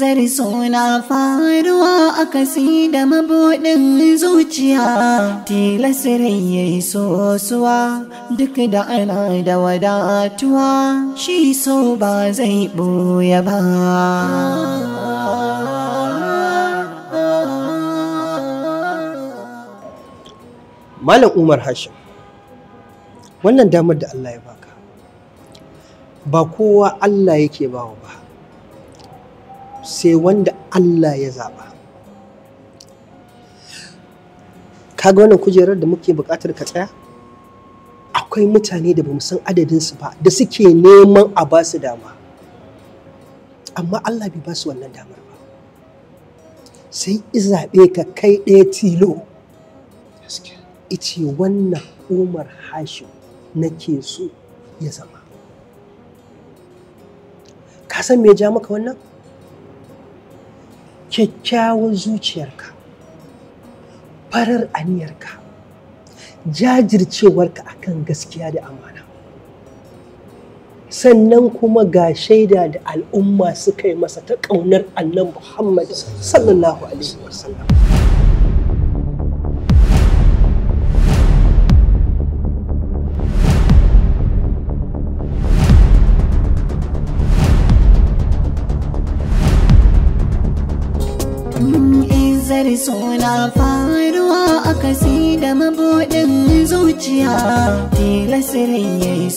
zar suna faruwa a kasi da mabuɗin zuciya tilasirin ya yi sosuwa duk da ana da wadatuwa shi so ba zai ɓoye ba Malam Umar Hashim, wannan damar da Allah ya baka, ba kowa Allah yake bawa ba. sai wanda Allah ya zaɓa kaga wannan kujerar da muke buƙatar ka tsaya akwai mutane da bamu san adadinsu ba da suke neman a ba su dama amma Allah bai ba su wannan damar ba sai zaɓe ka kai ɗaya tilo ice wannan umar hashim nake so ya zama ka san me ja maka wannan kyakkyawar zuciyarka farar aniyarka jajircewarka akan gaskiya da amana sannan kuma ga shaida da al'umma suka yi masa ta ƙaunar annan muhammad sallallahu alaihi wasallam suna faruwa a kasi da mabuɗin zuciya tilasirin ya yi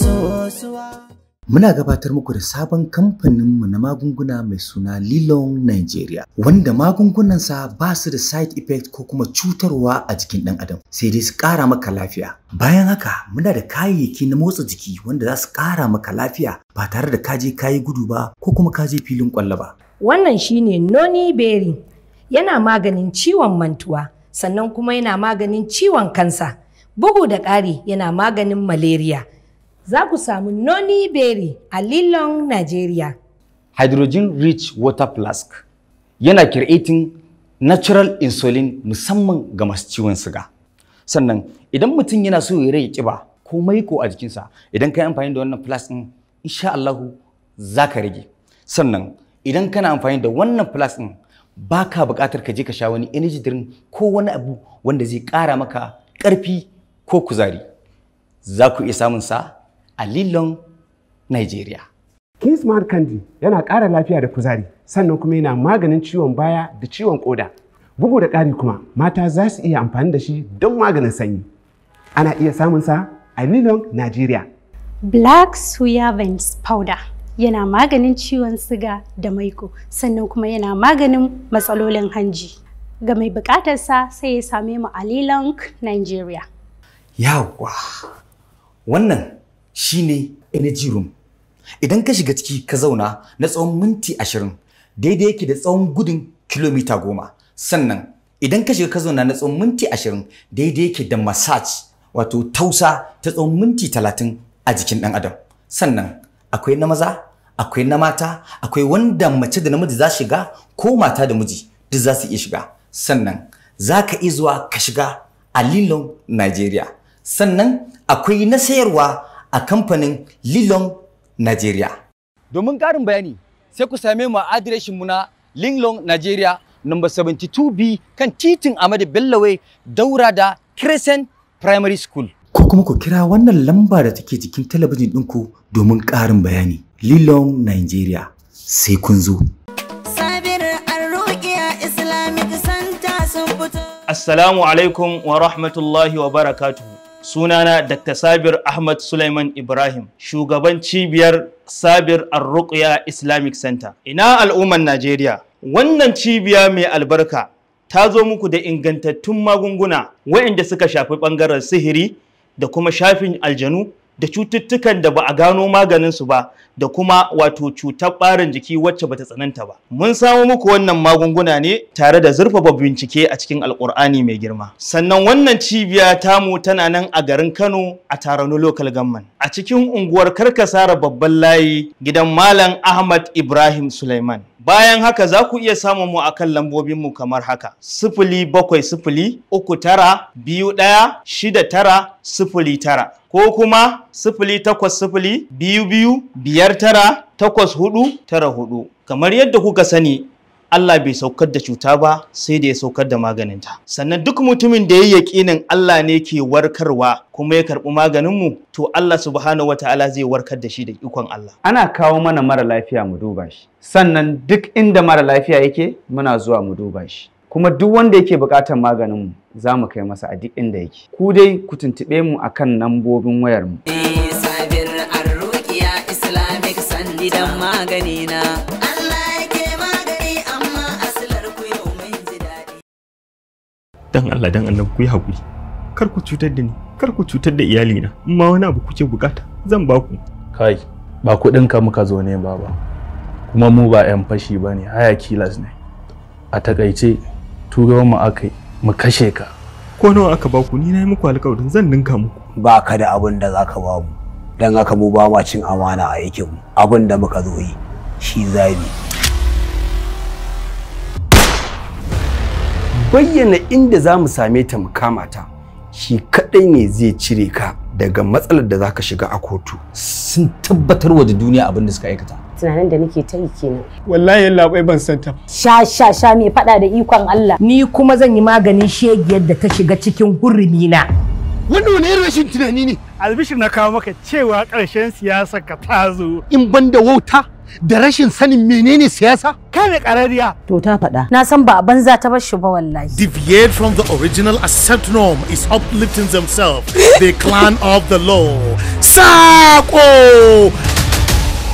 Muna gabatar muku da sabon kamfaninmu na magunguna mai suna Lilong Nigeria, wanda magungunansa ba su da side effect ko kuma cutarwa a jikin ɗan adam, sai dai su ƙara maka lafiya. Bayan haka, muna da kayayyaki na motsa jiki wanda za su ƙara maka lafiya ba tare da kaje kayi gudu ba ko kuma kaje filin ƙwallo ba. Wannan shine Noni Berry. yana maganin ciwon mantuwa sannan kuma yana maganin ciwon kansa bugu da ƙari yana maganin malaria za ku samu noni berry a lilon nigeria hydrogen rich water flask yana creating natural insulin musamman ga masu ciwon siga sannan idan mutum yana so ya rage kiba ko maiko a jikinsa idan ka yi amfani da wannan flask ɗin insha Allahu za ka rage sannan idan kana amfani da wannan flask ɗin ba ka buƙatar ka je ka sha wani energy drink ko wani abu wanda zai ƙara maka ƙarfi ko kuzari za ku iya samun sa a lilon Nigeria. King Smart Candy yana ƙara lafiya da kuzari sannan kuma yana maganin ciwon baya da ciwon ƙoda. Bugu da ƙari kuma mata za su iya amfani da shi don maganin sanyi. Ana iya samun sa a lilon Nigeria. Black Suya Veins Powder yana maganin ciwon siga da maiko sannan kuma yana maganin matsalolin hanji ga mai bukatarsa sai ya same mu a Lilong Nigeria yawwa wannan shine energy room idan ka shiga ciki ka zauna na tsawon minti ashirin daidai yake da tsawon gudun kilomita goma sannan idan ka shiga ka zauna na tsawon minti ashirin daidai yake da massage wato tausa ta tsawon minti talatin a jikin ɗan adam sannan akwai na maza akwai na mata akwai wanda mace da namiji za shiga ko mata da miji duk za su iya shiga sannan za ka iya zuwa ka shiga a lilon Najeriya sannan akwai na sayarwa a kamfanin lilon Najeriya. Domin ƙarin bayani sai ku same mu a adireshin mu na lilon Najeriya number 72B kan titin Amadu bellaway daura da Crescent Primary School. kuma ku kira wannan lamba da take jikin talabijin ɗinku domin ƙarin bayani. Lilong Nigeria sai kun zo. Assalamu alaikum wa rahmatullahi wa barakatuhu. Sunana Dr. Sabir Ahmad Sulaiman Ibrahim, shugaban cibiyar Sabir Arruqya Islamic Center. Ina al'umman Najeriya, wannan cibiya mai albarka ta zo muku da ingantattun magunguna waɗanda suka shafi ɓangaren sihiri da kuma shafin aljanu da cututtukan da ba a gano su ba da kuma wato cutar ɓarin jiki wacce bata tsananta ba. Mun samu muku wannan magunguna ne tare da zurfafa bincike a cikin alkur'ani mai girma. Sannan wannan cibiya tamu tana nan a garin Kano a Tarano Local Government. A cikin unguwar Karkasara babban layi gidan Malam Ahmad Ibrahim Suleiman. Bayan haka za ku iya samun mu akan lambobin mu kamar haka. Sifili bakwai sifili uku tara biyu ɗaya shida tara sifili tara. ko kuma sifili takwas sifili biyu biyu biyar tara takwas hudu tara hudu kamar yadda kuka sani Allah bai saukar da cuta ba sai da ya saukar da maganinta. Sannan duk mutumin da ya yi yaƙinin Allah ne ke warkarwa kuma ya karɓi maganinmu to Allah subhanahu wa ta'ala zai warkar da shi da ikon Allah. Ana kawo mana mara lafiya mu duba shi. Sannan duk inda mara lafiya yake muna zuwa mu duba shi. kuma duk wanda yake buƙatar maganin mu za mu kai masa a duk inda yake ku dai ku tuntube mu akan nambobin wayar mu dan Allah dan Allah ku yi hakuri kar ku cutar da ni kar ku cutar da iyalina in ma wani abu kuke bukata zan ba ku kai ba kuɗin ka muka zo ne baba kuma mu ba 'yan fashi ba ne haya kilas ne a takaice turo mu aka mu kashe ka ko nawa aka ba ku ni na yi muku alƙawarin zan ninka muku ba ka da abin da zaka ba mu dan haka mu ba ma cin amana a yakin mu abin da muka zo yi shi zabi bayyana inda za mu same ta mu kama ta shi kadai ne zai cire ka daga matsalar da zaka shiga a kotu sun tabbatar wa da duniya abin da suka aikata tunanin da nake ta yi kenan wallahi yalla ban santa sha sha sha me fada da ikon Allah ni kuma zan yi maganin shegiyar da ta shiga cikin hurumi na wannan wani rashin tunani ne albishir na kawo maka cewa ƙarshen siyasa ka ta zo in ban da wauta da rashin sanin menene siyasa ne karariya to ta faɗa na san ba banza ta bashi ba wallahi deviate from the original accept norm is uplifting themselves the clan of the law sako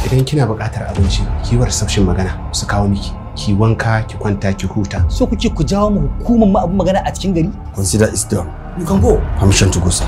idan kina buƙatar abinci ki yi sabshin magana su kawo miki ki wanka ki kwanta ki huta so kuke ku jawo mu hukumar ma abun magana a cikin gari consider is done you can go permission to go sir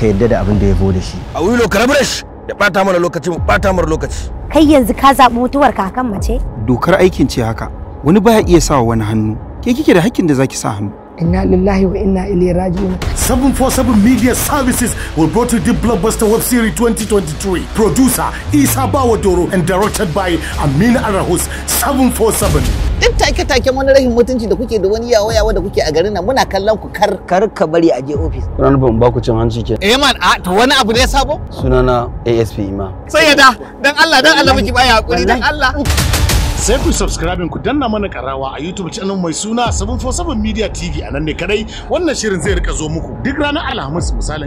ka yadda da abin da ya zo da shi a wilo ka rabu shi da bata mana lokaci mu bata mana lokaci kai yanzu ka zaɓi mutuwar kan mace dokar aikin ce haka wani baya iya sawa wani hannu ke kike da hakkin da zaki sa hannu Inna lillahi wa inna ilayhi raji'un. 747 Media Services will brought you the blockbuster web series 2023. Producer Isa Bawadoro and directed by Amina Arahus 747. Duk take-taken wani rahin mutunci da kuke da wani yawo-yawo da kuke a garin nan muna kallon ku kar kar ka bari a je office. Ranar ban ba ku cin hanci ke. Eh man a to wani abu ne sabo? Sunana ASP Ima. Sai ya da dan Allah dan Allah miki baya hakuri dan Allah. sai ku subscribing ku danna mana karawa a YouTube channel mai suna 747 Media TV a nan ne kadai wannan shirin zai rika zo muku duk ranar Alhamis misalin